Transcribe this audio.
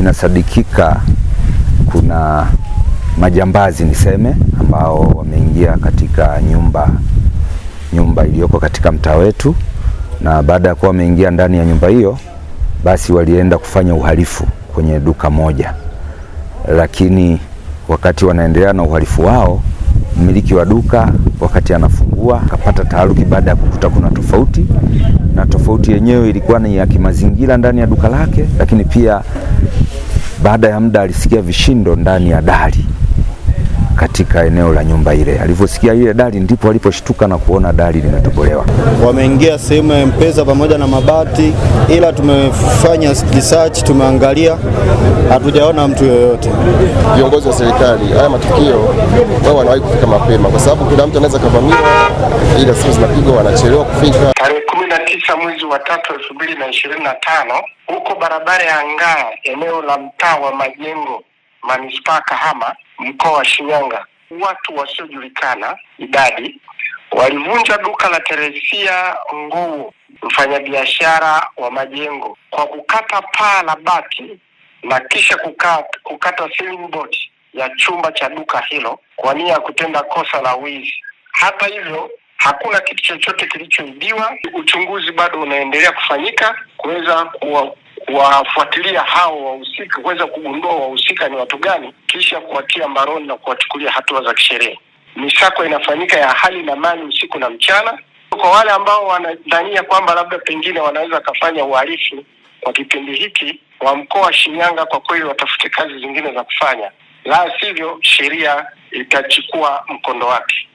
inasadikika kuna majambazi niseme, ambao wameingia katika nyumba nyumba iliyoko katika mtaa wetu, na baada ya kuwa wameingia ndani ya nyumba hiyo, basi walienda kufanya uhalifu kwenye duka moja, lakini wakati wanaendelea na uhalifu wao, mmiliki wa duka wakati anafungua akapata taharuki baada ya kukuta kuna tofauti, na tofauti yenyewe ilikuwa ni ya kimazingira ndani ya duka lake, lakini pia baada ya muda alisikia vishindo ndani ya dari katika eneo la nyumba ile. Alivyosikia ile dari, ndipo aliposhtuka na kuona dari limetobolewa. Wameingia sehemu ya Mpesa pamoja na mabati, ila tumefanya research, tumeangalia, hatujaona mtu yoyote. Viongozi wa serikali, haya matukio wao wanawahi kufika mapema, kwa sababu kuna mtu anaweza kavamiwa, ila simu zinapigwa, wanachelewa kufika tisa mwezi wa tatu elfu mbili na ishirini na tano huko barabara ya ngaa eneo la mtaa wa Majengo manispaa Kahama mkoa wa Shinyanga, watu wasiojulikana idadi walivunja duka la Teresia Nguu, mfanyabiashara wa majengo, kwa kukata paa la bati na kisha kukata, kukata ceiling board ya chumba cha duka hilo kwa nia ya kutenda kosa la wizi. Hata hivyo Hakuna kitu chochote kilichoibiwa. Uchunguzi bado unaendelea kufanyika kuweza kuwa wafuatilia hao wahusika, kuweza kugundua wahusika ni watu gani, kisha kuwatia mbaroni na kuwachukulia hatua za kisheria. Misako inafanyika ya hali na mali, usiku na mchana. Kwa wale ambao wanadhania kwamba labda pengine wanaweza wakafanya uhalifu kwa kipindi hiki, wa mkoa wa Shinyanga kwa kweli watafute kazi zingine za kufanya, la sivyo sheria itachukua mkondo wake.